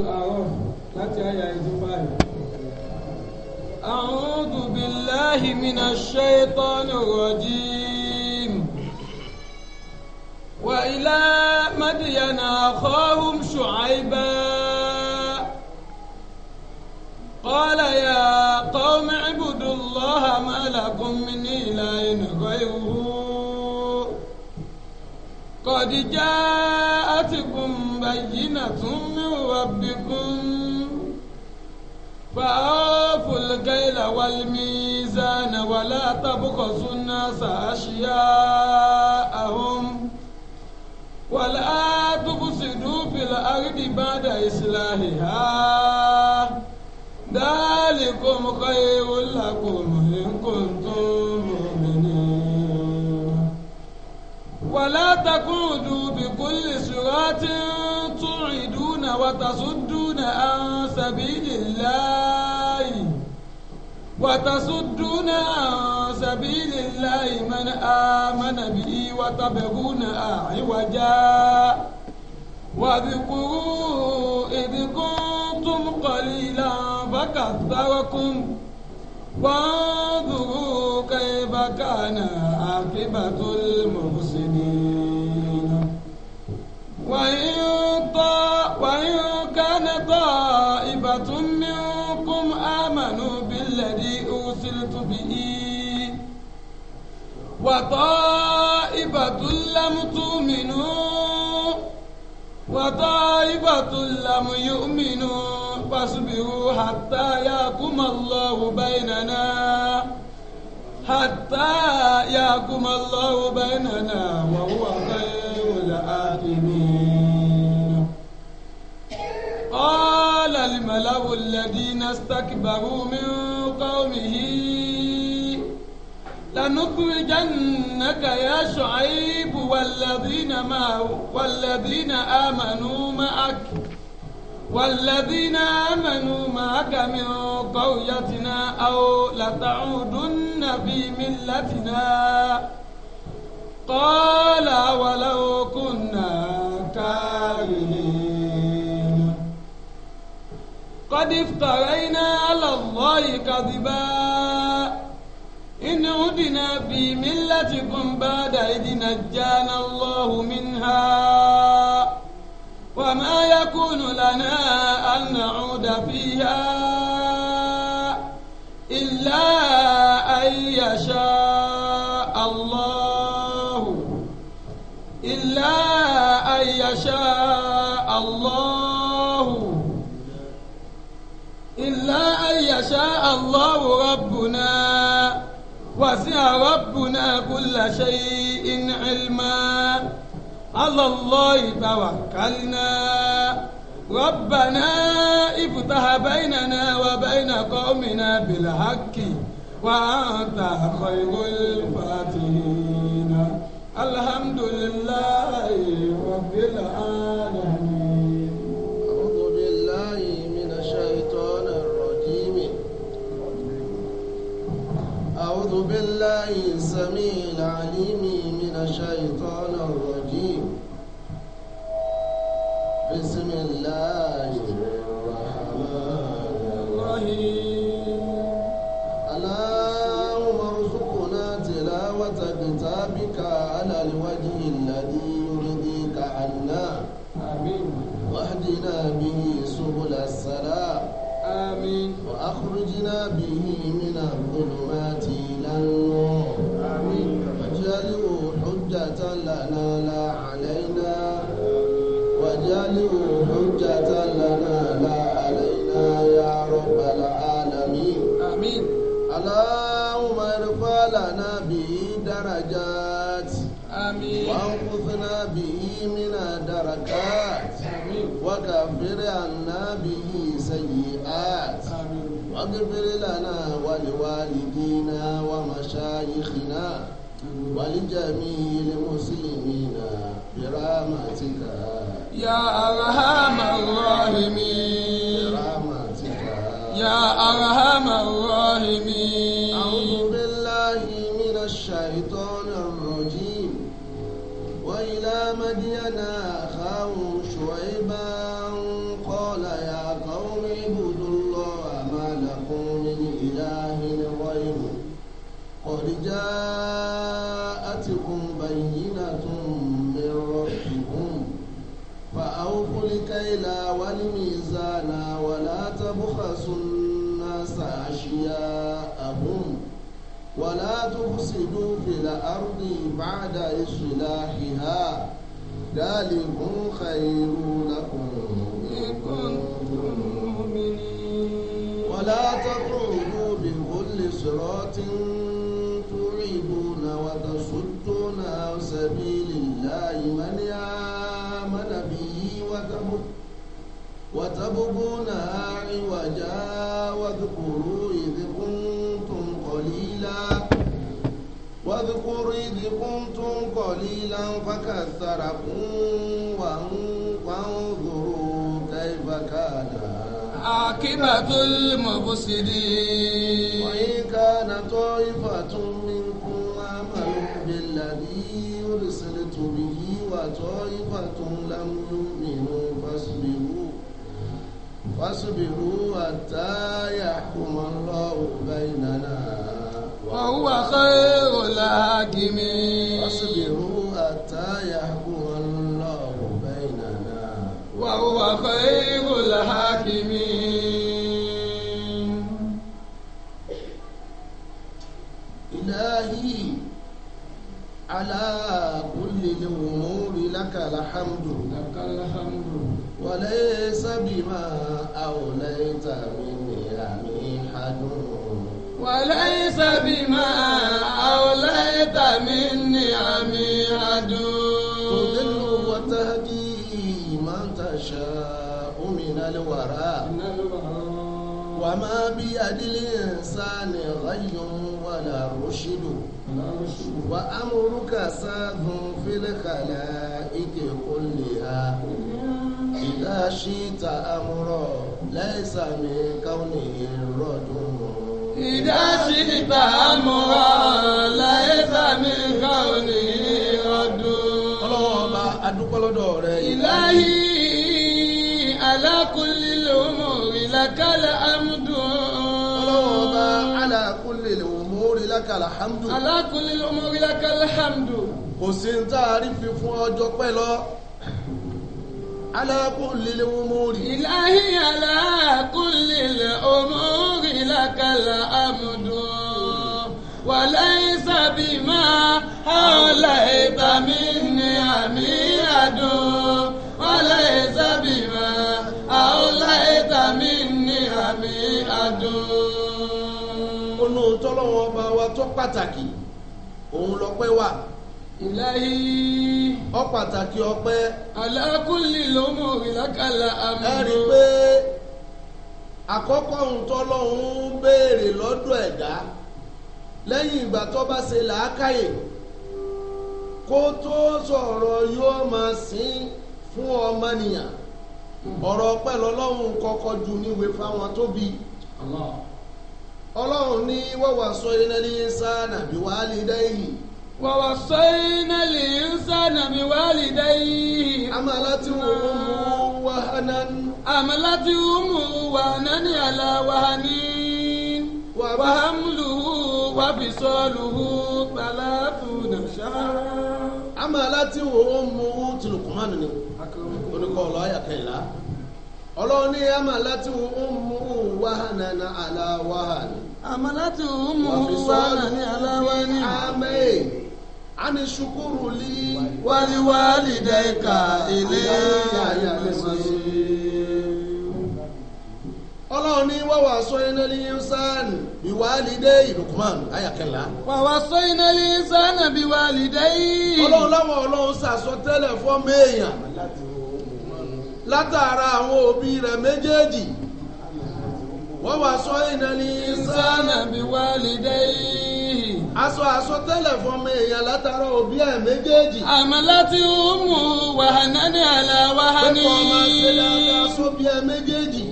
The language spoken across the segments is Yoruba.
الأعراف láti àyà ìjọ báyìí. أعوذ بالله من الشيطان الرجيم وإلى مدين أخاهم شعيبا قال يا قوم اعبدوا الله ما لكم من إله غيره قد جاءتكم بينة من ربكم فأوفوا الكيل والميزان ولا تبخسوا الناس أشياءهم ولا تفسدوا في الأرض بعد إصلاحها ذلكم خير لكم إن كنتم مؤمنين ولا تقودوا kulli suratin tu'iduna wa tasudduna an sabilillahi wa tasudduna an sabilillahi man amana bihi wa tabghuna iwaja واذكروا إذ كنتم قليلا فكثركم وانظروا كيف كان عاقبة المفسدين وطائفة لم تؤمنوا وطائفة لم يؤمنوا فاصبروا حتى يحكم الله بيننا حتى يحكم الله بيننا وهو خير الحاكمين قال الملأ الذين استكبروا من قومه لنخرجنك يا شعيب والذين معه والذين آمنوا معك والذين آمنوا معك من قريتنا أو لتعودن في ملتنا قال ولو كنا كارهين قد افترينا على الله كذبا إنه عدنا في ملتكم بعد إذ نجانا الله منها وما يكون لنا أن نعود فيها إلا أن يشاء الله إلا أن يشاء الله إلا أن يشاء الله ربنا وسع ربنا كل شيء علما على الله توكلنا ربنا افتح بيننا وبين قومنا بالحق وأنت خير الفاتحين الحمد لله رب العالمين الله السميع العليم من الشيطان الرجيم رب العالمين آمين اللهم ارفع لنا به درجات آمين وانقذنا به من الدركات آمين وكفر عنا به سيئات آمين واغفر لنا ولوالدينا ومشايخنا ولجميع المسلمين برحمتك يا أرحم الراحمين يا أرحم الراحمين أعوذ بالله من الشيطان الرجيم وإلى مدين أخاهم شعيبا قال يا قوم اعبدوا الله ما لكم من إله غيره قد جاءتكم بينة من ربكم فأوفوا الكيل والميزان ولا تبخسوا الناس أشياءهم ولا تفسدوا في الأرض بعد إصلاحها ذلكم خير لكم إن كنتم مؤمنين ولا تقعدوا بكل صراط تعيدون وتصدون عن سبيل الله من آمن به وتمت وتبغون عوجا واذكروا إذ كنتم قليلا واذكروا إذ كنتم قليلا فكثركم وانظروا كيف كان عاقبة المفسدين وإن كان طائفة منكم آمنوا بالذي أرسلت به وطائفة لم يؤمنوا فاصبروا واصبروا حتى يحكم الله بيننا وهو خير الحاكمين واصبروا حتى يحكم الله بيننا وهو خير الحاكمين إلهي على كل الأمور لك الحمد لك الحمد وليس بما أوليت مني حميحة وليس بما أوليت مني حميحة تضل وتهدي من تشاء من الورى وما بيد الإنسان غي ولا رشد وأمرك ساذ في الخلائق كلها إذا شئت أمرا ليس من كونه الرد إذا شئت أمرا ليس من كونه الرد ọlọ́wọ́ba adúpọ́lọ́dọ̀ rẹ̀ ìláyé alákùnléléwòmọ̀ ìlàkàlà amúdùn ọlọ́wọ́ba alákùnléléwòmọ̀ ìlàkàlà hamdu. alákùnléléwòmọ̀ ìlàkàlà hamdu. kò sí ní tá a rí fi fún ọjọ́ pẹ́ lọ. على كل الأمور إلهي على كل الأمور لك الأمد وليس بما حوليت من نعم وليس بما حوليت من نعم olóòótọ́ lọ́wọ́ ọba wa tó pàtàkì òun lọ́pẹ́ wà. ìláyé. ọ pàtàkì ọpẹ. alákùnlé ló mọ ìlàkàlà àmì. ẹ rí i pé àkọ́kọ́ ohun tọ́lọ́hún ń béèrè lọ́dọ̀ ẹ̀dá lẹ́yìn ìgbà tó bá ṣe làákàyè kó tó sọ̀rọ̀ yóò máa sìn fún ọ̀rọ̀ ọpẹ́ kọ́kọ́ ju níwe fáwọn tó ọlọ́run ní wọ́wọ́ sọ ní sáà nàbí wàá lè dẹ́yìn. ووصينا الإنسان بوالديه حملته أمه وهنا حملته أمه وهنا على وهن وحمله وفصاله ثلاثون شهرا حملته أمه تلقمان oníkọ́ ọ̀lọ́ ayàkẹ́lá ọlọ́run ní amalatu ummu wahanana ala wahani. amalatu ummu wahanani ala wahani. ani sukuru li waliwali dayika ilé ọlọ́run ní wàwà sọ́yìnà ní sáàni bíwálidé ìlùkùmán ayàkẹ́lá. wàwà sọ́yìnà ní sáàni bíwálidé yìí. ọlọ́run láwọn ọlọ́run sàsọtẹ́lẹ̀ fọ́mọ èèyàn látara àwọn òbí rẹ̀ méjèèjì wàwà sọ́yìnà ní sáàni bíwálidé yìí aṣọ aṣọ tẹ́lẹ̀ fún ọmọ èèyàn látara òbí ẹ̀ méjèèjì. àmọ́ láti mú wàhánà ní àlà wàhánà ní. pẹ̀lú ọmọ àṣẹlẹ̀ aṣọ bí ẹ méjèèjì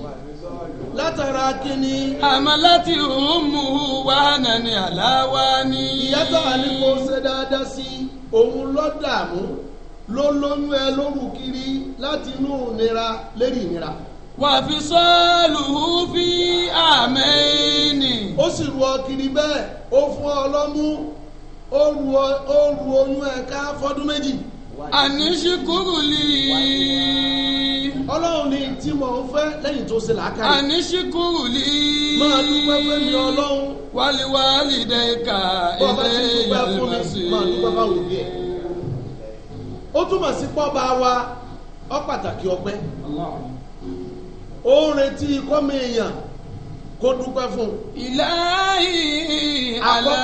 látara kíni. àmọ́ láti mú wàhánà ní àlà wàhánà. ìyá tó ṣe dáadáa sí òun ló ló lóyún ẹ lóru kiri láti inú ìnira lérí ìnira wàfi sọ́ọ̀lù fi àmín. ó sì rú ọ kiri bẹ́ẹ̀ ó fún ọ lọ́mú ó ru oyún ẹ̀ka fọ́dún méjì. àní ṣe kúrò lè. ọlọ́run ni tí mò ń fẹ́ lẹ́yìn tó ṣe làákàyè. àní ṣe kúrò lè. máa dúpẹ́ fún mi ọlọ́run. wálíwálì dẹ́ka ilé ìyàlùmọ̀sí. máa dúpẹ́ fáwọn òbí ẹ̀. ó túmọ̀ sí pọ́ba wa ọ pàtàkì ọpẹ́. ó ń retí kọ́mi èèyàn kó dúpẹ́ fún. ìlàyé àlá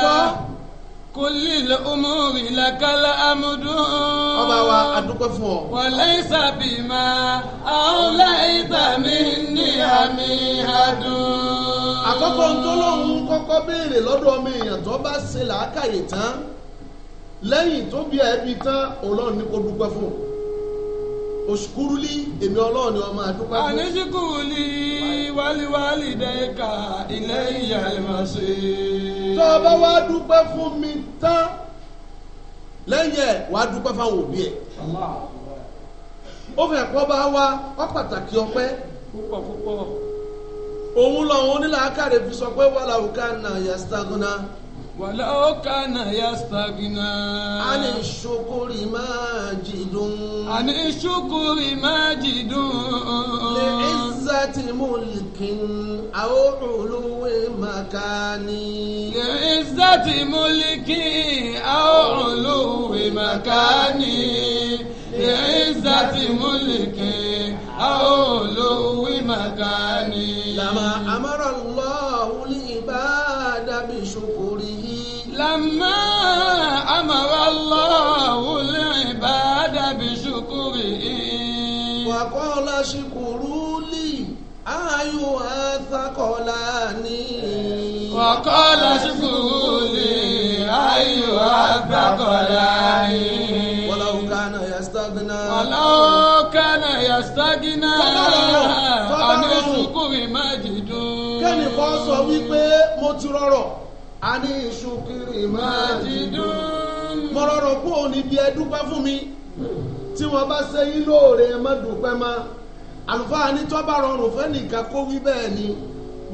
kulil umuri lakala amudu. ọba wa adúpẹ́ fún ọ. wọlé ìsàbí máa àwọlé ìtàmì ní àmì adùn. àkọ́kọ́ ntọ́lọ́hún kọ́kọ́ béèrè lọ́dọ̀ ọmọ èèyàn tó bá ṣe làákàyè tán lẹ́yìn tó bí ẹbí tán ọlọ́run ní kó dúpẹ́ fún òṣùkúrúlí èmi ọlọ́run ni ọmọ àdúpẹ́ fún. wálíwálí dẹ́ka ilé ìyá ìmọ̀ṣe. tó o bá wá dúpẹ́ fún mi tán lẹ́yìn ẹ̀ wá dúpẹ́ fáwọn òbí ẹ̀. ó fẹ́ kọ́ bá wa wá pàtàkì ọpẹ́. púpọ̀ púpọ̀. òun lọ́wọ́ onílàákàrẹ̀ fi sọ pé òkà òkà a lè ṣokòrì máa عن الشكر ماجد لعزة ملك أو علو مكان لعزة ملك أو علو مكان لعزة ملك أو علو مكان لما أمر الله العباد بشكره لما أمر kọ́lá ṣùkúlì ayò àgbàkọ̀lá yìí. wọ́láwù kánà yà stagina. wọ́láwù kánà yà stagina. àní ṣùkúrì má dìdú. kẹ́ni kan sọ wípé mo ti rọrọ̀ àní ṣùkúrì má dìdú. mo rọrọ̀ kó o níbi ẹ dúpẹ́ fún mi tí wọ́n bá ṣe yín lóore ẹ má dúpẹ́ mọ́ àlùfáà ní tó bá rọrùn fẹ́ nìkan kó wí bẹ́ẹ̀ ni.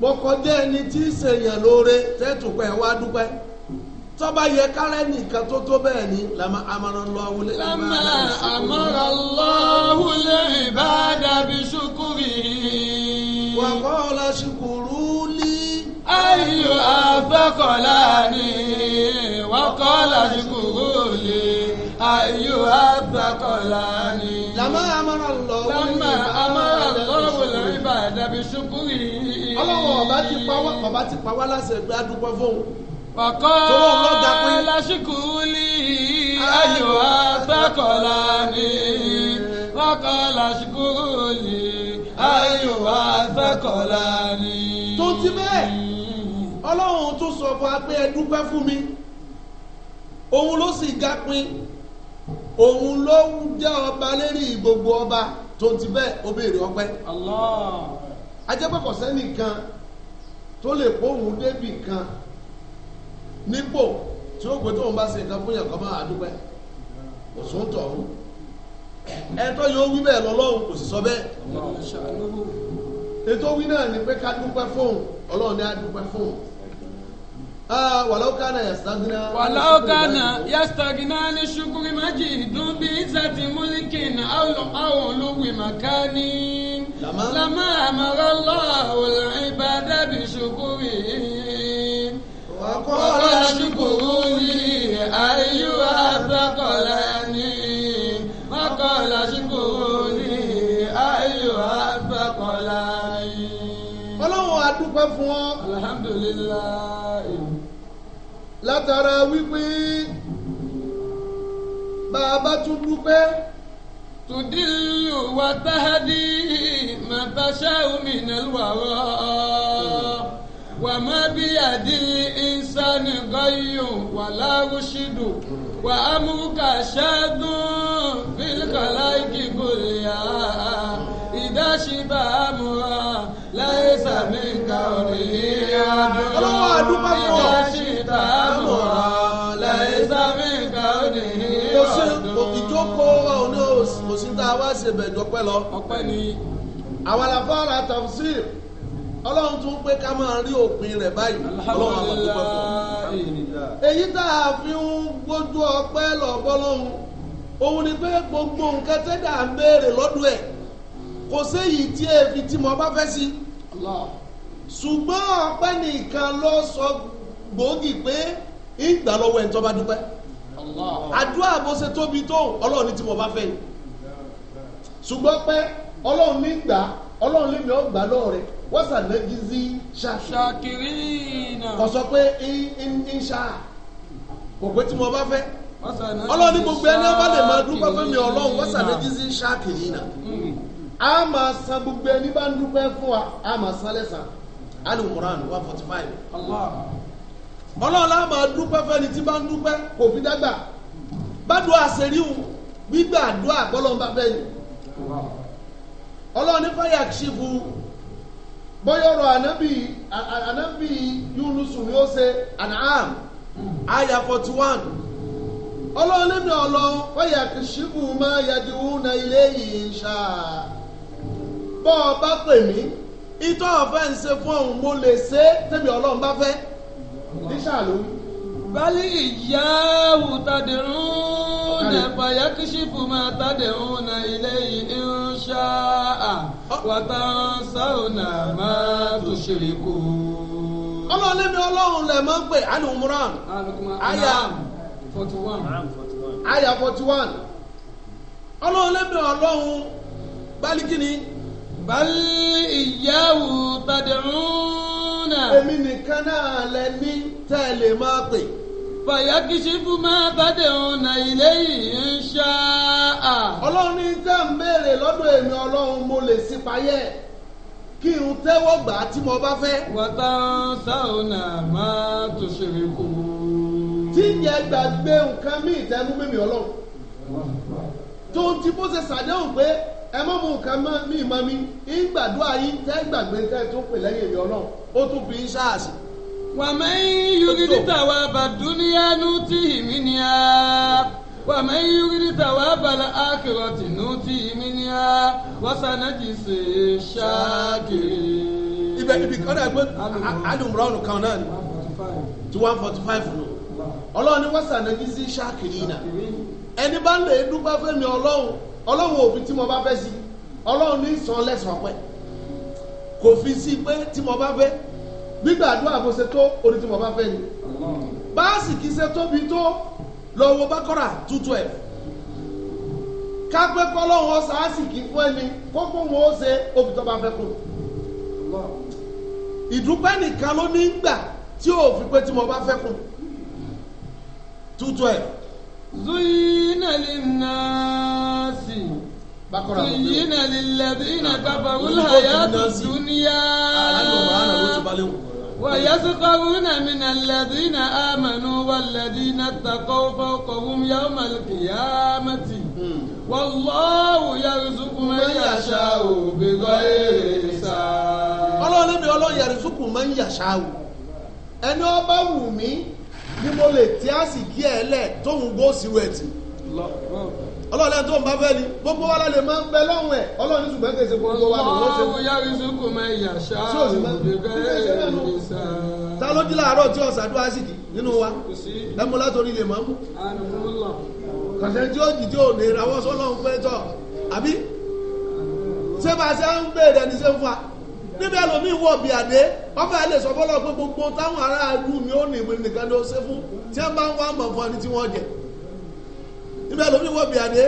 mọ̀kànjẹ́ ẹni tí ń ṣèyàn lóore tẹ́tùpẹ́ wá dúpẹ́ tọ́ba yẹ kárẹ́ nìkan tó tó bẹ́ẹ̀ ni làmà àmàrà lọ́wọ́ lé ìbáda. làmà àmàrà lọ́wọ́ bí ṣukúrì. wà á kọ́ la ṣukúrú ní. ayò àfẹ́kọ̀lá ni wà á ni. làmà àmàrà lọ́wọ́ lé bí ṣukúrì ọlọ́wọ́ ọba ti pa wá ọba ti pa wá láṣẹ pé a dúpẹ́ fóun. Wàkọ́ lásìkúlì ayọ̀wá bẹ́kọ̀lá ni. Wàkọ́ lásìkúlì ayọ̀wá bẹ́kọ̀lá ni. Tó ti bẹ́ẹ̀, ọlọ́run tún sọ fún wa pé ẹ dúpẹ́ fún mi. Òun ló sì ga pin. Òun ló jẹ́ ọba lérí gbogbo ọba. Tó ti bẹ́ẹ̀, ó béèrè ọpẹ́. Allah ajẹ́pẹ̀kọ̀ sẹ́ni kan tó lè bóhùn débì kan nípò tí ó gbé tóun bá ṣe nǹkan fún yàn kọ́ máa dúpẹ́ kò sún tọ̀hún ẹ̀tọ́ yóò wí bẹ́ẹ̀ lọ́lọ́run kò sì sọ bẹ́ẹ̀ ètò wí náà ni pé ká dúpẹ́ fóun ọlọ́run ní á dúpẹ́ fóun wàláwó kánà yastagina. wàláwó kánà yastagina ní ṣukuri májì dùn bí ìsàtì múlíkì لما أمر الله العباد بشكره وقال اشكروا لي أيها الثقلان وقال اشكروا لي أيها الثقلان Ọlọ́run adúpẹ́ fún ọ. Alhamdulilayi. Látara wípé bá a bá tún dúpẹ́. البشر من الوراء وما بيد الإنسان غي ولا رشد وأمرك شاد في الخلائق كلها إذا شبه أمرا ليس منك أولياء إذا شبه أمرا ليس منك أولياء. òsì ìjókòó wa ò ní òsì tá a wá ṣe bẹ̀ dọ́pẹ́ lọ. ọpẹ́ ni àwọn afárá tafsir ọlọ́run tún pé ká máa rí òpin rẹ̀ báyìí ọlọ́run àpàtúpẹ́ fún èyí tá a fi ń gbójú ọpẹ́ lọ́bọ́lọ́hún òun ni pé gbogbo nǹkan tẹ́dà ń béèrè lọ́dún ẹ̀ kò séyìí tí èéfi tí mo bá fẹ́ sí ṣùgbọ́n ọpẹ́ nìkan ló sọ gbòógì pé ìgbà lọ́wọ́ ẹ̀ ń tó bá dúpẹ́ àdúrà bó ṣe tóbi tó ọlọ́run tí mo bá fẹ́ yìí ṣùgbọ́n pẹ́ ọlọ́run ní gbà ọlọ́run lèmi ó gbà lọ́wọ́ rẹ̀ wọ́sà lẹ́jì sí ṣàkìrì náà kò sọ pé ń ṣá kò pé tí mo bá fẹ́ ọlọ́run ní gbogbo ẹni ọba lè máa dúpẹ́ fún mi ọlọ́run hmm. a máa san gbogbo ẹni bá ń dúpẹ́ fún a máa san lẹ́sàn quran one forty five ọlọ́run máa dúpẹ́ fẹ́ni tí bá ń dúpẹ́ kò fi dágbà bá dùn àṣẹ gbígbà dùn ọlọ́run ní fàyà ṣìbù bọ́yọ̀rọ̀ ànábì ànábì yúnusù ni ó ṣe anam aya forty one ọlọ́run nínú ọlọ́run fàyà ṣìbù máa yàdí na ilé yìí ṣá bọ́ ọ bá pè mí ìtọ́ ọ̀fẹ́ ń ṣe fún ọ̀hún mo lè ṣe tẹ́bi ọlọ́run bá fẹ́ níṣà bali ìyáwó tàdírúnà fàyàkìṣìfù máa tàdírúnà ilé ìrúnṣà wàtánsáwònà máa tó ṣeré kú. ọlọ́run lẹ́mi ọlọ́run lẹ̀ máa ń pè alùmúràn àyà forty one àyà forty one ọlọ́run lẹ́mi ọlọ́run bali kíni. bali ìyáwó tàdírúnà. èmi nìkan náà lẹ ní tẹ́lẹ̀ máa pè fàyàkìṣífù máa bàdé ọ̀nà ilé yìí ń ṣá à. ọlọ́run ní tẹ́ ń béèrè lọ́dọ̀ èmi ọlọ́run mo lè sí payẹ́ kí n tẹ́wọ́ gbà á tí mo bá fẹ́. wàtá sáùnà máa tó ṣeré kú. tí ìyẹn gbàgbé nǹkan mí ìtẹ́nu mímì ọlọ́run tó ń ti bó ṣe ṣàdéhùn pé ẹ mọ́ mú nǹkan mí mọ́ mi ń gbàdúrà yín tẹ́ gbàgbé tẹ́ tó pè lẹ́yìn èmi ọlọ́run ó tún fi ń ṣáàṣì. ومن يرد ثواب الدنيا نؤته منها ومن يرد ثواب الآخرة نؤته منها وسنجزي الشاكرين. ibẹ̀ ibi kan náà gbé alùmùránù kan náà ni tí one forty five nù ọlọ́run ní wọ́sàn náà ní sí ṣáàkiri ẹni bá lè dúpẹ́ fẹ́mi ọlọ́run ọlọ́run òfin tí mo bá fẹ́ sí ọlọ́run ní sàn lẹ́sàn kò fi sí pé tí mo bá fẹ́ gbígbàdúrà bó ṣe tó orí tí mo bá fẹ́ ni báàsì kì í ṣe tóbi tó lọ́wọ́ bákọ́rà two twelve kápẹ́ kọ́lọ́wọ́ sàásìkì fún ẹni kókó wọn ó ṣe obì tó bá fẹ́ kù ìdúpẹ́ nìkan ló ní gbà tí ò fi pé tí mo bá fẹ́ kù two twelve. zuyina lè nàásì. bákọ́rà ló zuyina lè lẹ́bí iná bàbá wúlò àyà tó dúníyà léwu. ويسخرون من الذين آمنوا والذين اتقوا فوقهم يوم القيامة hmm. والله يرزق من يشاء بغير حساب ọlọ́run níbi ọlọ́run yẹrìsùkù máa ń yàṣà o ẹni ọba wù mí ni mo lè tí a sì kí ẹ lẹ tóun gbó sí wẹ̀tì. ọlọ́ọ̀lẹ́ tó ń bá fẹ́ ni gbogbo wa lálẹ́ máa ń bẹ lọ́hùn ẹ̀ ọlọ́run ní ṣùgbọ́n kèsè kó lọ́wọ́ àdó ṣe mú. yàrá ìsúnkù máa yà ṣá ta ló jí láàárọ̀ tí ọ̀sà dúró àṣìkì nínú wa ẹ mú látòrí lè máa mú. kàṣẹ tí ó ò àbí ṣé bá a ṣe ń béèrè ẹni ṣe ń fa níbi ẹlòmíì wọ̀ bí àdé ọba ẹ sọfọlọ pé gbogbo táwọn aráàlú mi ò ní ìwé nìkan ló ṣe fún tí wọ́n bá ń wá fún ẹni tí jẹ níbi ẹlòmíì wọ̀ bí adé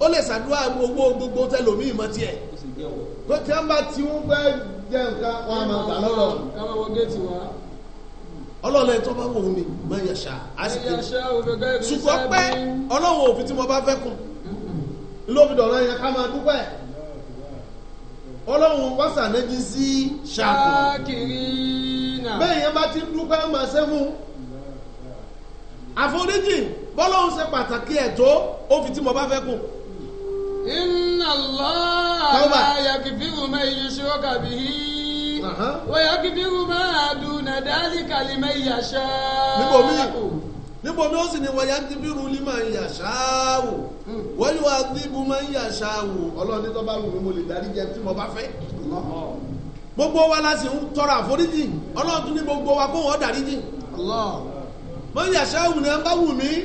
ó lè ṣàdúrà gbogbo gbogbo tẹlòmíì mọ́ tiẹ̀. tó tí wọ́n bá ti ń fẹ́ jẹ nǹkan wọn máa gbà lọ́rọ̀. káwọn wọ géètì wa. ọlọ́run tó bá wọ̀ mí mọ ìyàṣà á sì kéde. ṣùgbọ́n pé ọlọ́run òfin tí mo bá fẹ́ kùn lóbi dọ̀rọ̀ yẹn ká máa dúpẹ́ ọlọ́run wọ́sà méjì sí ṣàkùrì bẹ́ẹ̀ yẹn bá ti dúpẹ́ máa ṣẹ́fún àforíjì bọ́lọ́hún ṣe pàtàkì ẹ̀ tó ó fi tí mo bá fẹ́ inna Allah la yaghfiru man yushraka bihi wa yaghfiru ma duna dhalika liman yasha. níbo mi níbo mi ó sì ní wa yaghfiru liman yasha'u ọlọ́run ní mo lè jẹ tọrọ àforíjì ọlọ́run tún ní gbogbo wa kó wọ́n wù ní ẹ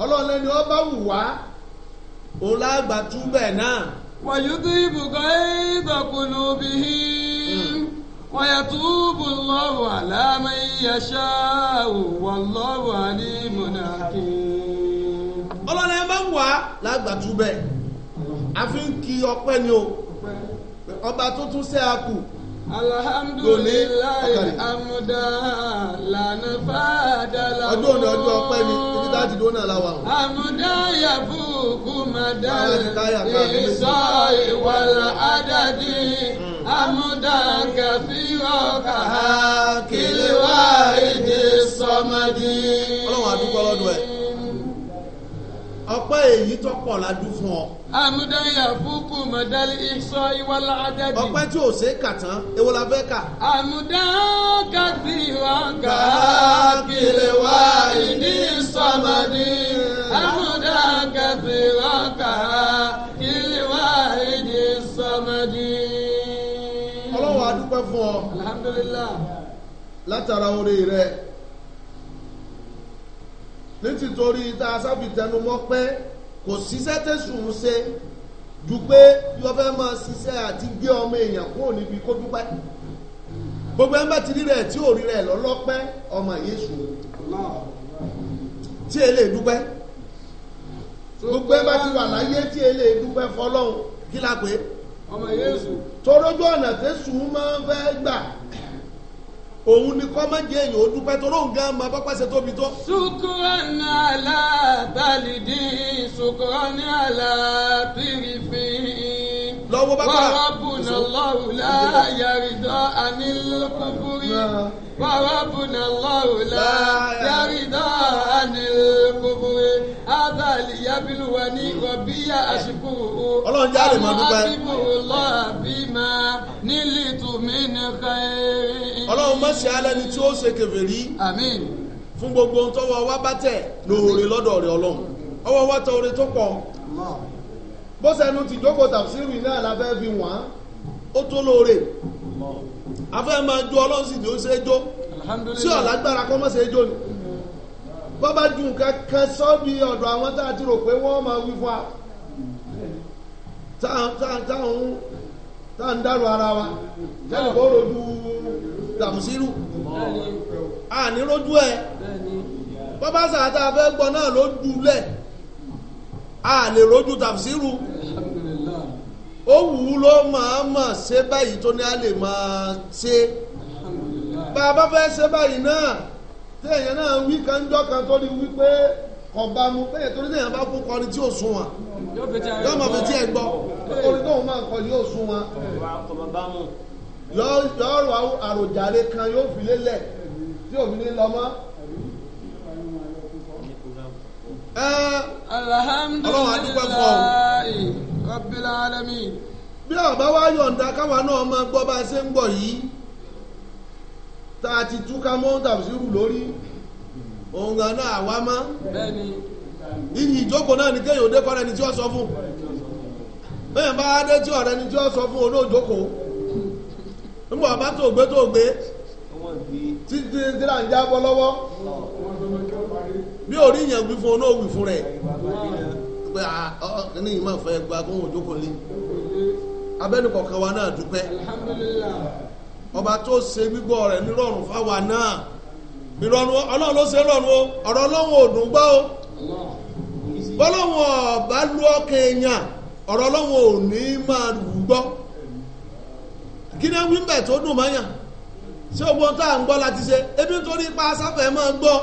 ọlọ́run lẹ́ni ó bá wù wá òun náà. wàyúdú ibùkọ́ ìdọ̀kùnú bí i wàyàtúbù lọ́wọ́ àlámà ìyàṣá òwò lọ́wọ́ àní mọ̀nàkì. ọlọ́run bá wù wá lágbà àfi ń kí ọpẹ́ ni o ọba tó alhamdulilayi amuda lana fadala o. ọdún òní ọdún ọpẹ́ ni ibi tá a ti dúró náà la wà o. amuda yabuku madala ìsọ ìwàlà adadi hmm. amuda kàfíọ́ kàá kìlíwá ìdí sọmadì. ọlọ́run àdúgbò ọlọ́dún ẹ̀ ọpẹ́ èyí tó pọ̀ la dún fún ọ. àmúdáyà fúkú mọ̀dálì ìsọ ìwà ládàbí. ọpẹ́ tí ò ṣe é kà tán èwo la fẹ́ kà. àmúdáyà bí wọn kà á kiri wá ìdí sọmọdé. àmúdáyà bí wọn kà á kiri wá ìdí sọmọdé. ọlọ́wọ́ a dúpẹ́ fún ọ. alhamdulilayi. látara oore rẹ nítìtorí tá a sábì tẹnumọ́ pé kò síṣẹ́ tẹ̀sùn ń ṣe ju pé yọ fẹ́ máa ṣiṣẹ́ àti gbé ọmọ èèyàn kúrò níbi kó dúpẹ́ gbogbo ẹ̀ ń bá ti rí rẹ̀ tí ò rí rẹ̀ lọ́lọ́pẹ́ ọmọ Yésù tí ẹ lè dúpẹ́ gbogbo ẹ̀ bá ti wà láyé tí ẹ lè dúpẹ́ fọlọ́hún kí la pé ọmọ Yésù torójú ọ̀nà tẹ̀sùn máa ń fẹ́ gbà òun ni kọ́ máa ń jẹ èèyàn ó dúpẹ́ tó lóun gan máa bọ́pẹ́ ṣe tóbi tó. sukran ala balidi sukran ala pirifi. lọ́wọ́ bá kọ́ra. warabuna lọ́wọ́lá yaridọ́ anilkufuri. warabuna lọ́wọ́lá yaridọ́ anilkufuri. abali yabilu wa ni rọ̀bíyà àṣìkúrò. ọlọ́run jáde máa dúpẹ́. àmọ́ àbíbò lọ́ọ̀bí máa nílì tùmí nìkan èrè ọlọ́run má ṣe alẹ́ni tí ó ṣe kèfèrí àmín fún gbogbo ohun wa bá tẹ̀ lóore lọ́dọ̀ rẹ̀ ọlọ́run ọwọ́ wa tọ oore tó pọ̀ bó sẹnu ti jókòó tàbísírì náà la fẹ́ fi wọ́n ó tó lóore afẹ́ máa jó ọlọ́run sì ni ó ṣe é jó sí ọ̀lágbára kọ́ mọ́ ṣe é jó ni bọ́bá ju nǹkan kan sọ́ bí ọ̀dọ̀ àwọn tá a ti rò pé wọ́n máa wí fún wa táwọn táwọn táwọn dárò ara wa jẹ́nìkó rojú tàmsírù àní lójú ẹ bọ́bá sàátà fẹ́ gbọ́ náà ló dúlẹ̀ àní lójú tàmsírù ó wù ú ló máa mọ̀ ṣe báyìí tó ní a lè máa ṣe bàbá fẹ́ ṣe báyìí náà tí èèyàn náà wí kanjọ́ kan tó ní wípé ọba mu pé torí náà bá kú kọrin tí ò sún wa yóò mọ̀ fi tí ẹ gbọ́ torí náà máa kọ yóò sún wa. yọ̀ọ̀rọ̀ àròjàre kan yóò fi lélẹ̀ tí òfin ní lọ mọ́. alhamdulilayi rabbil alamin. bí ọba yọ̀ǹda káwa náà máa gbọ́ bá a ṣe ń yìí tá a ti mọ́ lórí òun gan náà àwa mọ́. iyì ìjókòó náà ní kéèyàn òde nígbà wọn tó gbé tó gbé tí tíra ń lọ́wọ́ bí orí yẹn wí fún onáwí fún rẹ̀ pé ní ìmọ̀ fẹ́ gba kó wọn jókòó lé abẹ́nukọ̀kan wa náà dúpẹ́ ọba tó ṣe gbígbọ́ rẹ̀ nírọ̀rùn fáwa náà o ọ̀rọ̀ o bọ́lọ́run lu ọkàn èèyàn ọ̀rọ̀ ọlọ́run kí ni wí tó dùn mọ́yàn ṣé à ń gbọ́ láti ṣe ebi nítorí pa asáfẹ́ máa ń gbọ́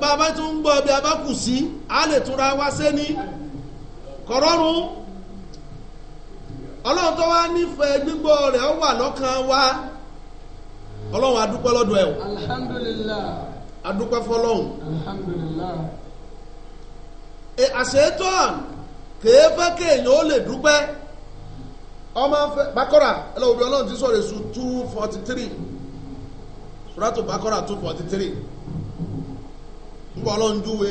bá a bá tún ń gbọ́ bí a bá kù sí a lè túnra wá sẹ́ni kọ̀rọ̀rùn ọlọ́run tó wá nífẹ̀ẹ́ gbígbọ́ rẹ̀ wà lọ́kàn ọlọ́run adúpẹ́ lọ́dọ̀ ẹ̀ o e, kèéfẹ́ kéèyàn ó lè dúpẹ́. ọmọ afẹ́ bákọ́rà ẹlọ́wọ́bí ọlọ́run ti sọ̀rọ̀ èso two forty three sùràtù bákọ́rà two forty three nígbà ọlọ́run júwe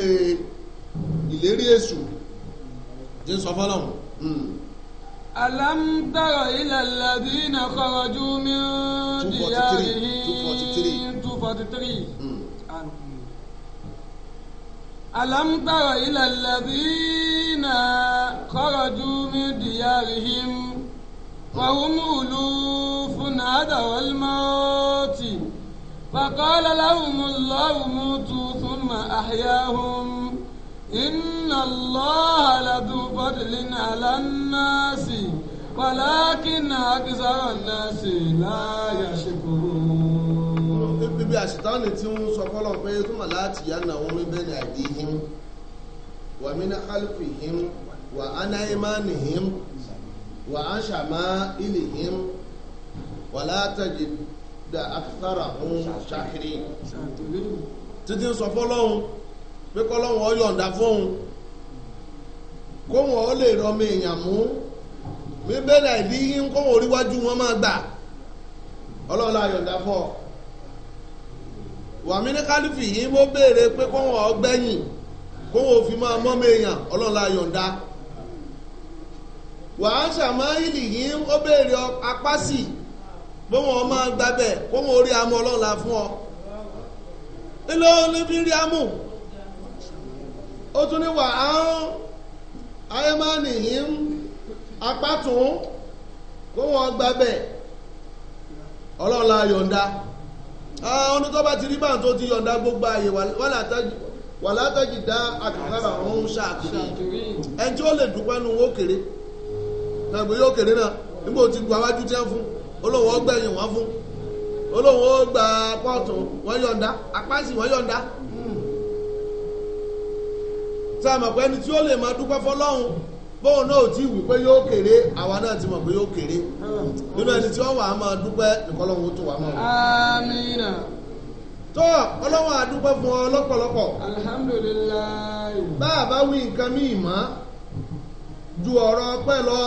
ìlérí èṣù tí sọ fọ́lọ́run. Hmm. Hmm. alam tara ila alladhina kharaju min diyarihim two forty three. ألم تر إلى الذين خرجوا من ديارهم وهم ألوف هدوا الموت فقال لهم الله موتوا ثم أحياهم إن الله لذو فضل على الناس ولكن أكثر الناس لا يشكرون bíbí àṣetánì tí ń sọ fọ́lọ̀ pé tó mà láti yá na omi bẹ́ẹ̀ ni wà إليهم ولا تجد أكثرهم wà تدين dà àkàtàrà òun ṣàkiri títí ń sọ fọ́lọ́hun pé kọ́lọ́hun ọ yọ̀ǹda fóun kóhun ọ lè rọmọ èèyàn mú mi bẹ́ẹ̀ ìdí yín kóhun oríwájú wọn máa gbà ọlọ́ọ̀la yọ̀ǹda fọ́ wàmí ní kálífì yìí mo béèrè pé kóhun ọ gbẹ̀yìn kóhun òfin máa mọ́mọ èèyàn ọlọ́ọ̀la yọ̀ǹda wàá ṣàmáìlì yìí ó béèrè apá sí bó wọn máa gbàbẹ kó wọn orí amú ọlọ́la fún ọ nílò níbi rí amú ó tún ní wàá ayémánì yìí apá tún kó wọn gbàbẹ ọlọ́la yọ̀ǹda ọdún bá ti rí báyìí tó gbogbo ààyè dá àkàkàrà ọ̀hún ṣáàkiri ẹni tí ó lè dúpẹ́ nu owó nàgbé yóò kere náà nígbà tí gba wájú tiẹ́ fún olóhùn ó gbẹ̀yìn wọ́n fún olóhùn ó pọ́ọ̀tù wọ́n yọ̀ǹda apáàsì wọ́n yọ̀ǹda tá hmm. a mọ̀ pé ẹni tí ó lè máa dúpẹ́ fọlọ́hún bóun náà ò tí ì wí pé ti mọ̀ pé yóò kéré nínú ẹni tí wọ́n wà á máa dúpẹ́ ìkọlọ́hún tó wà á máa amina. tó ọlọ́wọ́n àdúpẹ́ fún ọ a bá wí nǹkan míì mọ́ ju ọ̀rọ̀ ọpẹ́ lọ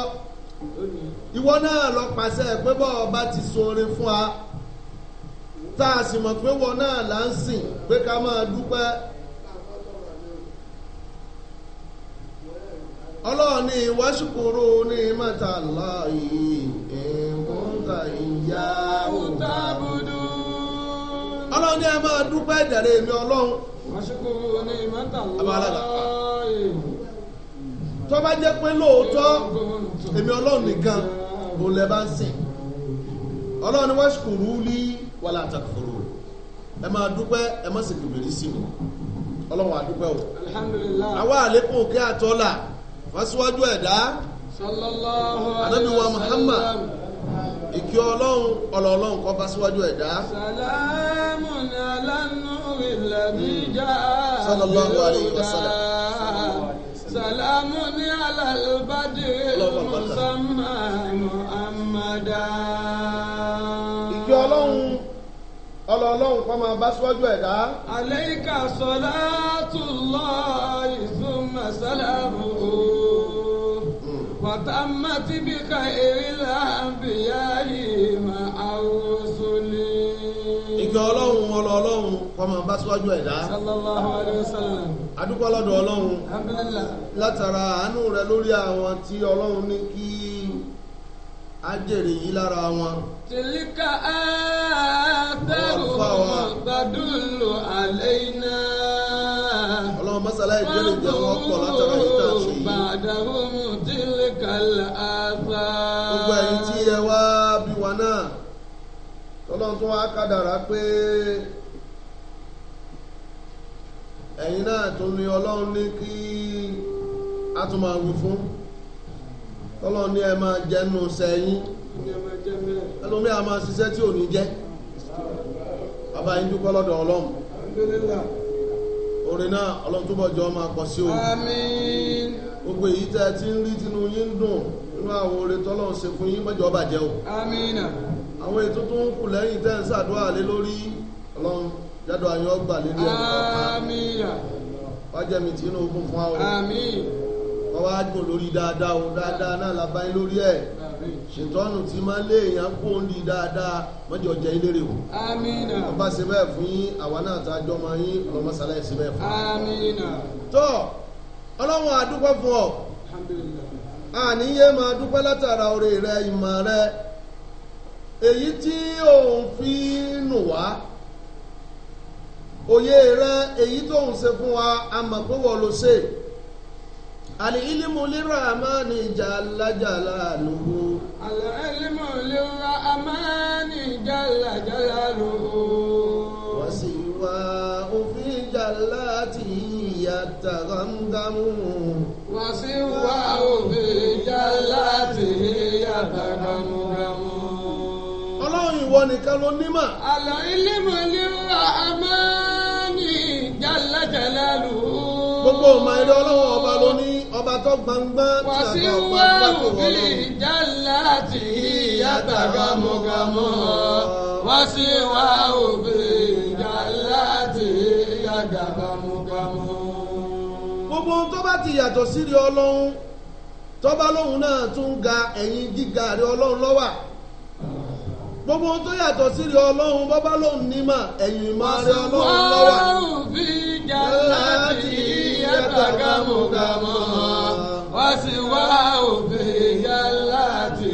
ìwọ náà lọ pàṣẹ pé bọ́ ọba ti sọre fún wa tá a sì mọ̀ pé wọn náà là ń sìn pé ká máa dúpẹ́ ọlọ́run ní ìwáṣùkúrú ní mẹ́ta láàyè ìkúńtà ìyá òkúta búdú. ọlọ́run ní a máa dúpẹ́ ìdàrẹ́ mi ọlọ́run. ìwáṣùkúrú ní mẹ́ta láàyè tó bá jẹ́ pé lóòótọ́ èmi ọlọ́run nìkan òun lẹ bá ń sìn ọlọ́run ni wọ́n ṣùkùrù lí wàlá àtàkùrù ẹ máa dúpẹ́ ẹ má sì kìbìrì sí mi ọlọ́run àdúpẹ́ o àwa àlékún òkè àtọ́là wọ́n síwájú ẹ̀dá sallallahu muhammad ìkí ọlọ́run ọlọ́run kọ́ bá síwájú ẹ̀dá. salamun alanu ilabi jaa sallallahu alayhi wa sàlámù ní alàlùbádì mùsàmà muhammada. ìjọ ọlọ́run ọlọ́ọ̀lọ́run kọ́ máa bá síwájú ẹ̀dá. àlẹ́yìká sọlá tù lọ ìsúnmọ̀ sálàmù o. wàtá mọ́tí bí èrè láàbìyá yìí máa àwòsàn. ìjọ ọlọ́run ọlọ ọlọ́run kọmọ bá síwájú ẹ̀dá sallallahu alaihi wasallam adúpọ̀ lọ́dọ̀ ọlọ́run látara àánú rẹ̀ lórí àwọn tí ọlọ́run ní kí ọlọ́run tó wá kádàrá pé ẹ̀yin náà tó ní ọlọ́run ní kí a tún máa fún ọlọ́run ní ẹ máa jẹnu sẹ́yìn ẹlòmíà máa ṣiṣẹ́ tí ò ní jẹ́ bàbá yín dúpẹ́ lọ́dọ̀ ọlọ́run orin náà ọlọ́run túbọ̀ jọ máa pọ̀ sí o gbogbo èyí tẹ́ ẹ ti ń rí tinú yín dùn nínú àwọn orin tọ́lọ́run ṣe fún yín mọ́jọ́ bàjẹ́ o àwọn ètò tó ń kù lẹ́yìn tẹ́ ń ṣàdúrà lé lórí ọlọ́run jádọ ayọ́ gbà lé ní ọ̀nà wájẹ́mi tí inú ogun fún àwọn ọwọ́ àjò lórí dáadáa o dáadáa náà la bá lórí ẹ̀ ṣètọ́nù tí máa lé èèyàn kó ń di dáadáa mọ́jọ jẹ́ ilé rè o ọba ṣe bẹ́ẹ̀ fún yín àwa náà tá jọ máa yín ọlọ́mọṣálá ẹ̀ ṣe bẹ́ẹ̀ fún yín. tó ọlọ́run àdúgbò fún ọ àníyé máa dúpẹ́ látara oore rẹ ìmọ̀ rẹ èyí tí òun fi nù wá òye rẹ èyí tóun ṣe fún wa amọ̀pẹ́wọ̀ ló ṣe alìhílímù lírà àmáàní jàlájàlá lòwò. alìhílímù lírà àmáàní jàlájàlá lòwò. wọ́n sì wá òfin jàlá tì ìyá tàgámgámù. wọ́n sì wá òfin jàlá tì ìyá tàgámù ìwọ nìkan ló nímọ̀. àlọ́ ilé mọ̀ ní àmánì jalla jalalu. gbogbo ọmọ ẹ̀rọ ọlọ́wọ́ ọba ló ní ọba tó gbangban. wà sí wáwù bíi jálá ti yàtà gámọ́gámọ́. wà sí wáwù bíi jálá ti yàtà gámọ́gámọ́. gbogbo ohun tó bá ti yàtọ̀ sí rí ọlọ́run tọ́ba lóhun náà tún ga ẹ̀yìn gíga rí ọlọ́run lọ́wà. gbogbo ohun tó yàtọ̀ sí rí ọlọ́run bọ́bá lòun nímà ẹ̀yìn máa rí ọlọ́run lọ́wọ́. ọlọ́run fi jà láti wá sí wá òfin jà láti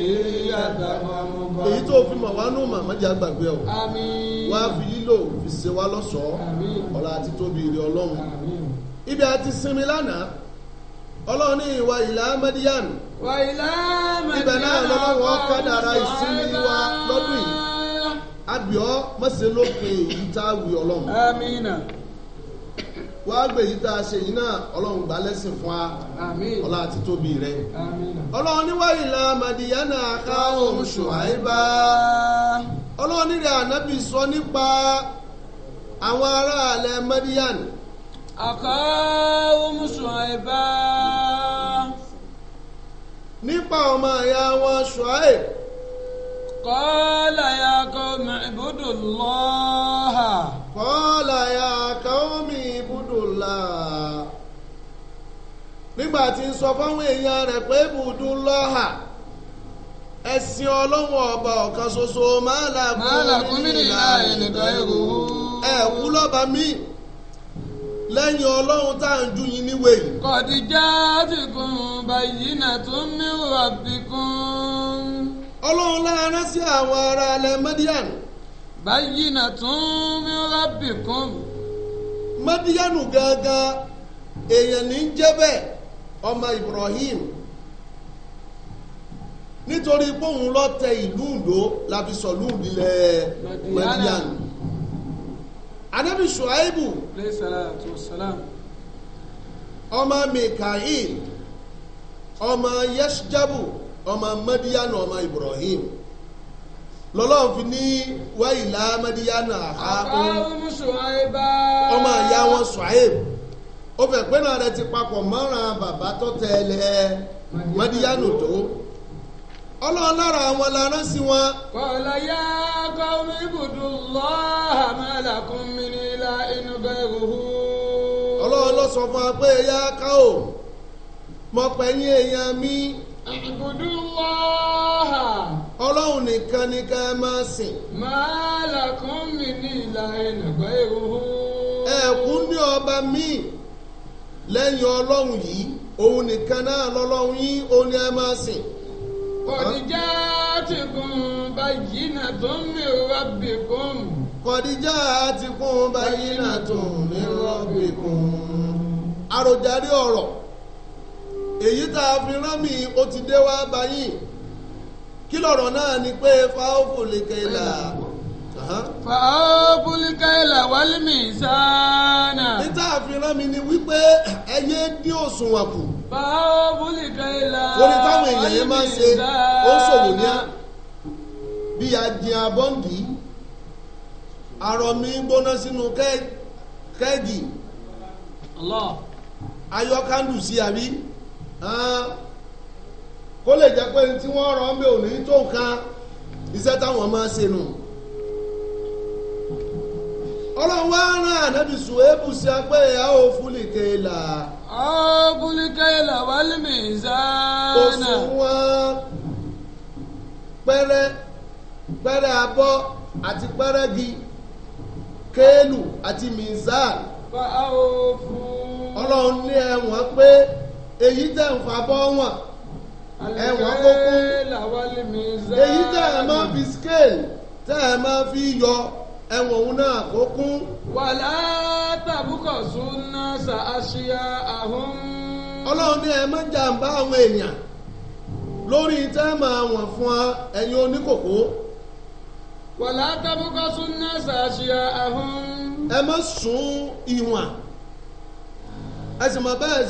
yàtọ̀ gámúgámú. èyí tó fi mọ̀ wánú màmá jà gbàgbé o wá fi fi ṣe wá ọ̀la àti tóbi rí ibi àti sinmi lánàá ọlọ́run ní ìwà ìlà ibẹ̀ náà lọ́lọ́wọ́ kádàrá ìsinmi wa lọ́dún yìí àbíọ́ mọ̀sẹ̀ lópin a wù ọlọ́run. amina. gbé a ṣe yìí náà gbà lẹ́sìn fún wa ọlá àti tóbi rẹ. ọlọ́run níwáyé la màdìyánà káwọn ọlọ́run nílẹ̀ sọ nípa àwọn aráàlẹ̀ nípa ọmọ ìyá wọn ṣùáì. kọ́ọ̀lá ya kọ́mi ibùdó ha. kọ́ọ̀lá ya kọ́mi ibùdó lọ́ọ̀hà. nígbà tí ń sọ fáwọn èèyàn rẹ̀ pé ibùdó lọ́ọ̀hà ẹ̀sìn ọlọ́wọ́ ọba ọ̀kan ṣoṣo máa làkúnmí nìlá ẹ̀ nìkan èrò. lẹ́yìn ọlọ́run tá à ń dún yín níwè yìí. kọ̀díjà ti kún báyìí nà tún ọlọ́run láàárín sí àwọn ará alẹ́ báyìí nà tún mí rọ̀bì kún. mẹ́díànù gangan ní í ọmọ Ibrahim nítorí pé òun ìlú la fi sọ anabi suhaibu ọmọ mikael ọmọ yesjabu ọmọ madiyanu ọmọ ibrahim lọ́lọ́run fi ní wáyìlá madiyana àhákùn ọmọ ìyá wọn suhaibu ó fẹ́ pé náà rẹ ti papọ̀ mọ́ràn bàbá tó tẹ̀lé tó. ọlọ́run lára àwọn la rán sí wọn. kọ́lá yá ibùdó lọ́hàmà ma ní ilá inú bẹ́ẹ̀ rúhú. ọlọ́run sọ fún wa pé yá ká o pẹ̀yìn èèyàn mi. ibùdó lọ́hà. ọlọ́run nìkan ni ká máa sìn. ní ilá inú ẹ̀kún ọba mi lẹ́yìn ọlọ́run yìí òun nìkan náà lọ́lọ́run yín òun ni kọ̀díjà ti kún báyìí náà tó ń mi wá bì kún. kọ̀díjà ti kún báyìí náà tó ń mi wá bì kún. àròjàre ọ̀rọ̀ èyí tá a fi rán mi ó ti dé wá báyìí kí lọ̀rọ̀ náà ni pé fáwọ́fù lè kẹ́lá fàábùlìkà ilà wálìmì sáánà. níta àfihàn mi ni wípé ẹyẹ dín òṣùwọ̀n kù. fàábùlìkà ilà wálìmì sáánà. torí táwọn èèyàn yẹn máa ń ṣe ó ń ṣòwò ní bí ajìn abọ́ǹdì arọ gbóná sínú kẹ́ẹ̀gì ayọ́ sí àbí kó lè jẹ́ pé tí wọ́n rọ ń bẹ̀ òní tó nǹkan iṣẹ́ táwọn máa ṣe nù. No ọlọ́run wá rán ànábì sùwébù sí apẹ́ ìyá ò fúlìkẹ́ ìlà. ọ fúlìkẹ́ ìlà wálìmì ìsáná. òṣùwọ̀n pẹ́rẹ́ pẹ́rẹ́ abọ́ àti pẹ́rẹ́ gi kéèlù àti mizan. fa àwòfù. ọlọ́run ní ẹ̀wọ̀n pé èyí tẹ̀ ń fa bọ́ wọn ẹ̀wọ̀n kókó èyí tẹ̀ ẹ̀ máa fi scale tẹ̀ ẹ̀ máa fi yọ. ẹ̀wọ̀n òun náà kó kún. wàlá tàbúkọ̀ súnná sa àṣìyà àhún. ọlọ́run ní ẹ mọ jàǹbá àwọn èèyàn lórí tẹ́ẹ̀mà wọ̀n fún ẹ̀yin oníkòkó. wàlá tàbúkọ̀ súnná sa àṣìyà àhún. ẹ má sún ìwọ̀n ẹ sì mọ bẹ́ẹ̀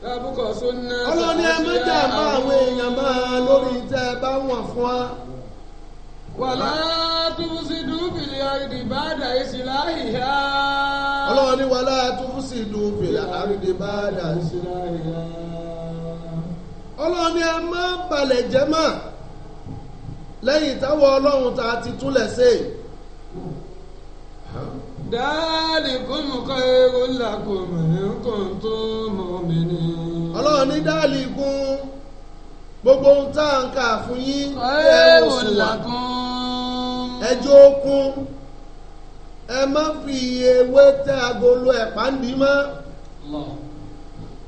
ọlọ́ni ẹ má jà bá àwọn èèyàn máa lórí tẹ́ ẹ bá wọ̀n fún wa. wàlá tùbùsìdù bìlì àrìdì bá dà èsì láhìhá. ọlọ́ni wàlá tùbùsìdù bìlì àrìdì bá dà èsì láhìhá. ọlọ́ni ẹ má balẹ̀ jẹ́ mọ́ lẹ́yìn táwọn ọlọ́run ta ti túlẹ̀ sí i. dáàlìkùn khairul lakum in kuntum mu'minin. ọlọ́run ní dáàlìkùn gbogbo ohun tá à ń kà fún yín ẹ ò ẹjọ́ okun ẹ má fi ewé tẹ agolo ẹ̀ pàǹdì mọ́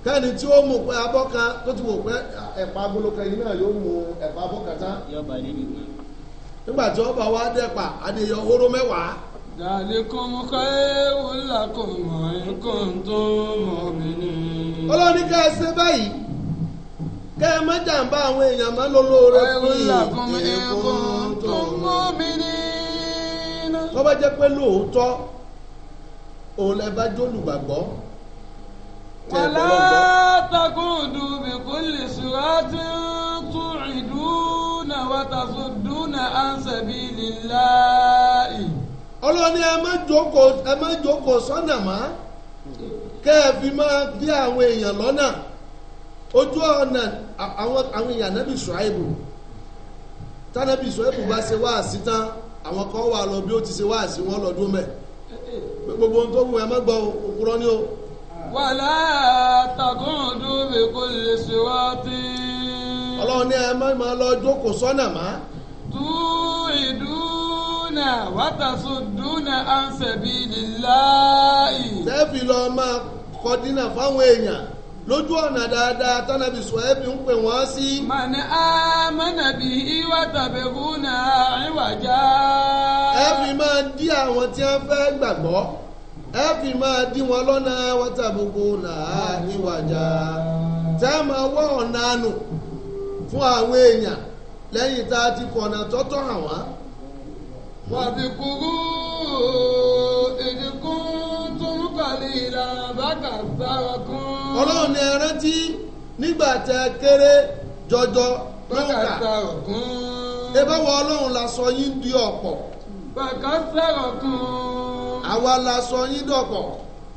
kẹ́ni tí ó mú pé abọ́ka tó ti wò pé ẹ̀pà agolo yóò mú ẹ̀pà abọ́ka tán nígbà tí dàlíkùn kẹ́hùn làkùn mọ̀ẹ́kùn tó mọ̀ mí ni. ọlọ́ni ká ṣe báyìí kẹ́ ẹ má jàǹbá àwọn èèyàn má ló lóore fún ìkùn tó mọ̀ mí ni. tó bá jẹ́ pé lóòótọ́ òun lẹ bá jólùgbàgbọ́ wàlá takùdù bìkúlì sùràtì tùrìdùnà wàtàsùdùnà ànsàbìlì ọlọ́ni ẹ má jókòó ẹ má jókòó sọ́nà má kẹ́ ẹ fi máa bí àwọn èèyàn lọ́nà ojú ọ̀nà àwọn èèyàn nábì ṣùáìbù tánábì ṣùáìbù bá ṣe wáàsí tán àwọn kan wà lọ bí ó ti ṣe wáàsí wọn lọ́dún mẹ́ gbogbo ohun tó wù ẹ má gbọ́ òkúrọ́ ní o. wàlá tàkùndùn mi kò lè ṣe wá tí. ọlọ́run ẹ má lọ jókòó sọ́nà tú ìdú تصدون وتصدون عن سبيل الله. tẹ́ẹ̀fì lọ máa kọ dínà fáwọn èèyàn lójú ọ̀nà dáadáa tánàbí sọ̀ẹ́bì ń pè wọ́n sí. màní àmọ́nàbí ìwà tàbẹ̀kú náà àríwájá. ẹ fi máa dí àwọn tí wọ́n fẹ́ gbàgbọ́ ẹ máa dí wọn lọ́nà wọn tàbùkù máa àwọn tá a ti kọ̀nà واذكروا إذ كنتم قليلا فكثركم ọlọ́run ni ẹ rántí nígbà tẹ kéré jọjọ lọ́kà ẹ bá wọ ọlọ́run la sọ yín di ọ̀pọ̀. bàkà sẹ́rọ̀ kún. àwa la sọ yín dọ̀pọ̀.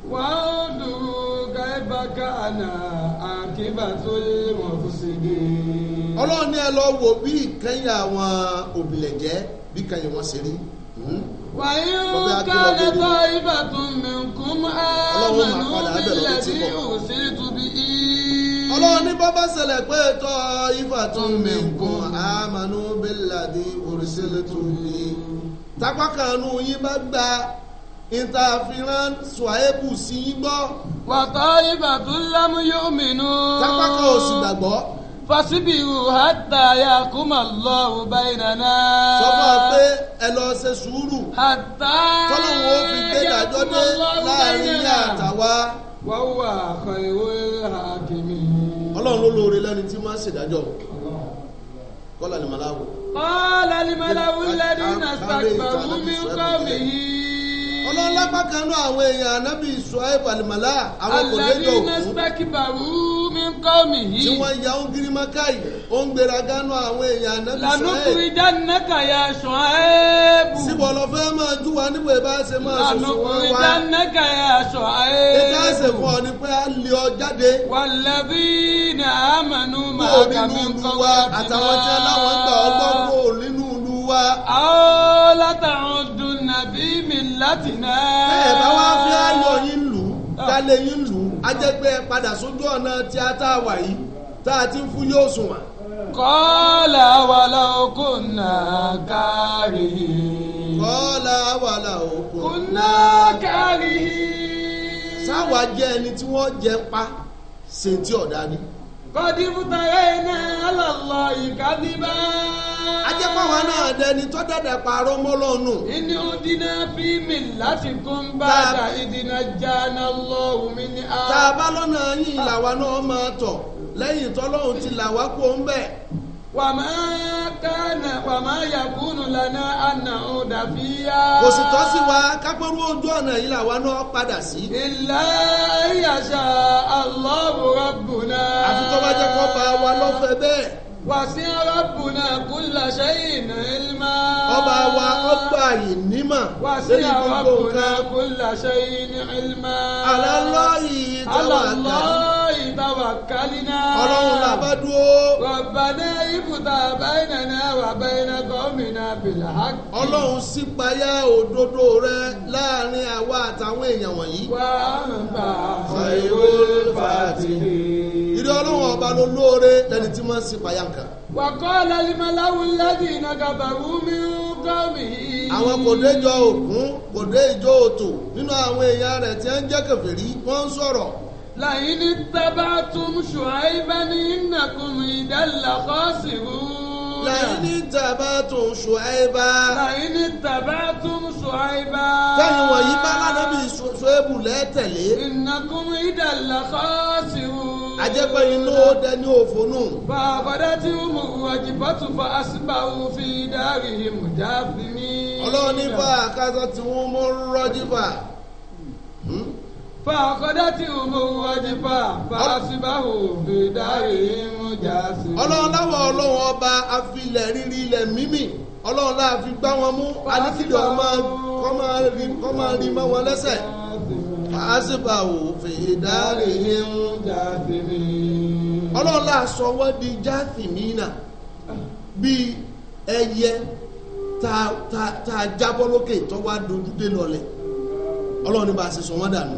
وانظروا كيف كان عاقبة المفسدين ọlọ́run ní ẹ lọ wò bí ìkẹyìn àwọn òbílẹ̀jẹ́ bí kẹyìn wọn ṣe rí. Hmm? wàyí ó kálẹ̀ tó ibà tó mẹ́kún àmàlú nílẹ̀ tí ò sí tubi í. ọlọ́run ní bọ́bá ṣẹlẹ̀ pé tó ibà tó mẹ́kún àmàlú bíládì òrìṣẹ́lẹ̀ tó yí. tápákanú yín bá gba ìtàfihàn suwaebu sí yín gbọ́. wàtá ìbàdún lámú yóò mìíràn. sápá kan ò sì gbàgbọ́ fasibiru hata yakuma lọrù bayinana. sọfọ pé ẹ lọ ṣe sùúrù. hata tọ́lọ́wọ́ fi gbé ìdájọ́ dé láàrin ní àtàwa. wọ́n wà àkàn ìwé àkèmí. ọlọ́run ló lóore lẹ́ni tí máa ń ṣèdájọ́ kọ́lá ni màláwù. kọ́lá ni màláwù lẹ́ni nàṣàgbà wúmi kọ́ mi yìí ọlọ́lápá kan náà àwọn èèyàn anábì Ṣuaib al-Mala àwọn kò lè jọ òkú. alẹ́ iná spẹ́kìbàrú mi ń kọ́ mi yìí. tí wọ́n ya ó gírí mákàyè ó ń gbéra gánú àwọn èèyàn anábì Ṣuaib. lànàkùnrin dánnáka ya Ṣuaib. síbò lọ fẹ́ máa jú wa níbo ìbá ṣe máa ṣe fún wa. lànàkùnrin dánnáka ya Ṣuaib. ìbá ṣe fún ọ ni pé a lè ọ jáde. wàlẹ́bí ni àmàlù máa kà mí kọ́ wa. àtàwọn tí wọn láwọn gbà ọgbọ́n kò nínú ìlú wa. àwọn látàwọn millatina. bẹ́ẹ̀ bá wá fi ayọ̀ yín lù ú dálé yín lù ú ajẹ́gbẹ́ padà sójú ọ̀nà tí a tá a wà yìí tá a ti ń fún yóò sùn wà. kọ́lá wàlà òkúnà kárí. kọ́lá wàlà òkúnà kárí. sáwà jẹ́ ẹni tí wọ́n jẹ pa ṣèǹtì ọ̀dà ni kọ́dí fútayé iná ọlọ́lọ́ ìkádìbá. ajẹ́pọ̀wá náà dẹni tó dẹ̀dẹ̀ pààrọ̀ mọ́lọ́nù. inú dínà fi mi láti kún bàdà ìdínà jáná lọ́wọ́ mi ní a. tá a bá lọ́nà yìí làwa náà máa tọ̀ lẹ́yìn tọ́lọ́hún ti làwa kó ń bẹ̀ wàmá kánà wàmá yakunu lana àna ọ̀dà fíyà. kò sí wa kápẹ́rú ojú ọ̀nà yìí làwa náà padà sí. ìlà ìyàṣà Allahu rabbuna. àfi tó bá jẹ́ kó bá wa lọ́fẹ̀ẹ́ bẹ́ẹ̀. wàsí rabbuna kulla shay'in ilma. ọba wa ọgbà yìí nímọ̀. wàsí rabbuna kulla shay'in ilma. ala Allahi tawakkalna. tawakkalina. ọlọ́run la bá dúró. rabbana ibùdó àbáyínàná wà báyínà gọ́mìnà bìlà. ọlọ́run sípayá òdodo rẹ láàrin àwa àtàwọn èèyàn wọ̀nyí. wà á ń ló lóore lẹni tí wọ́n nǹkan. lẹ́dí mi ń àwọn kò òkun òtò nínú àwọn èèyàn rẹ̀ ń jẹ́ wọ́n ń sọ̀rọ̀ لئن اتبعتم شعيبا إنكم إذا لخاسرون لئن اتبعتم شعيبا لئن اتبعتم شعيبا tẹ́yìn wọ̀nyí bá lánàbí ṣòṣòébù تلي إنكم إذا لخاسرون. ajẹ́pẹ́ inú ó dẹni òfónú. bàbá tí ó mú wàjibá tún fa asíbáwò fi dárì ìmùjá fi mí. ọlọ́ọ̀nífà kásá tí wọ́n mú rọ́jífà fàkọ́dátì òmùwájúfà fàṣìbáwò fìdáre mùjàsí. ọlọ́run láwọ̀ ọlọ́run ọba afilẹ̀ rírí ilẹ̀ mímì ọlọ́run láà fi gbá wọn mú alikidọ̀ kọ́ máa rí mọ́ wọn lẹ́sẹ̀ fàṣìbáwò fìdáre mùjàsí. ọlọ́run láà sọ wọ́n di jáfìmínà bíi ẹyẹ ta a jábọ́ lókè tó wá dojú dé lọlẹ̀ ọlọ́run ní bá a ṣe sọ wọ́n dànù.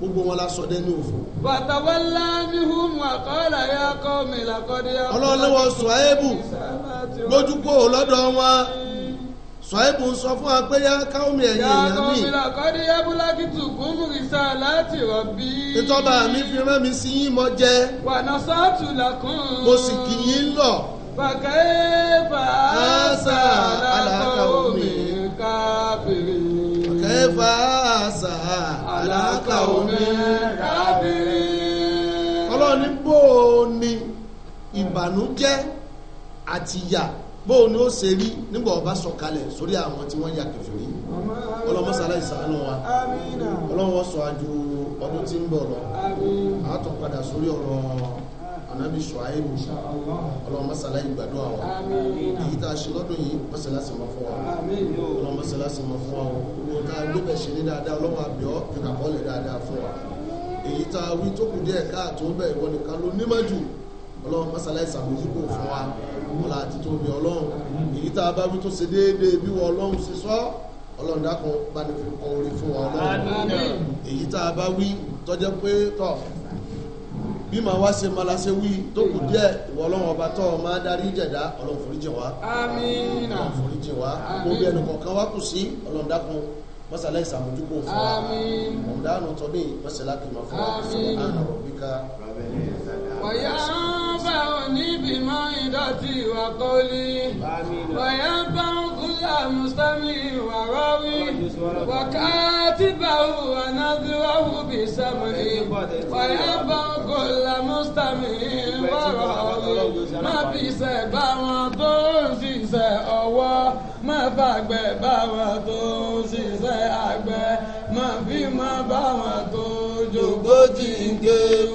gbogbo wọn la sọdẹ ní òfò. bàtàwọlá ni hùmù àkọọ́lá yà kọ́ mi làkọ́dé yà. ọlọ́lọ́wọ́ sọ̀ẹ́bù lójúkó lọ́dọ̀ wọn sọ̀ẹ́bù sọ fún wa pé yá káwọ́mì ẹ̀yìn ìyá mi. yàtọ̀ mi làkọ́dé yá búlákìtù gúnmùrìsà láti rọ̀bì. ìtọ́ba mi fi rán mi sí yín mọ jẹ. wàná sọ́ọ̀tù làkùn. mo sì kì í lọ. bàkẹ́ fàásà làkọ́ mi káfíìrì fàásà àlàkà omi kábìrì. ọlọ́run ní bó o ìbànújẹ́ àtìyà bó o ní ó ṣe rí nígbà ọba sọ̀kalẹ̀ sórí àwọn tí wọ́n ya kẹfìrí ọlọ́mọsálá ìsànú wa ọlọ́run sọ àjò ọdún tí ń bọ̀ lọ àtọ̀ padà sórí ọ̀rọ̀ anabi shuaibu ọlọ́run masala ìgbàdo àwọn èyí tá a ṣe lọ́dún yìí masala sì máa fún wa ọlọ́run masala sì máa fún wa owó tá a gbébẹ̀ ṣe ní dáadáa ọlọ́run àbíọ́ fìkà dáadáa fún wa èyí tá a wí tó kù díẹ̀ káàtó bẹ̀ ìwọ nìkan ló nímọ̀jù ọlọ́run masala ìsàmójúkò fún wa ọlọ́run àti tóbi ọlọ́run èyí tá a bá wí tó ṣe déédéé bí wọ́n ọlọ́run ṣe sọ́ ọlọ́run dákun bá ní kọ orí fún wa ọlọ́run èyí tá a bá wí tọ́jẹ́ pé tọ́ bí màá wá ṣe màá ṣe wí tó kù díẹ̀ ìwọ ọlọ́run ọba máa darí jẹ̀dá ọlọ́run foríjì wá ọlọ́run foríjì wá gbogbo ẹnu kọ̀ọ̀kan wá kù sí ọlọ́run dákun mọ́sálẹ́ ìsàmójúkò fún wa ọ̀dáàánú tọ́dé mọ́sálá kì máa fún wa sọ̀rọ̀ àná rọ̀bíkà. wàyà ń bá òní bímọ ìdọ̀tí wà kọ́lí wàyà ń bá منك مستمع وراوي وكاتبه ونذره بسمعه ويرفع كل مستمع وراوي ما في سبع وطن ṣiṣẹ́ ọwọ́ má fàgbẹ́ báwọn tó ń ṣiṣẹ́ àgbẹ̀ má fi má báwọn tó jòkó jì ń kéwù.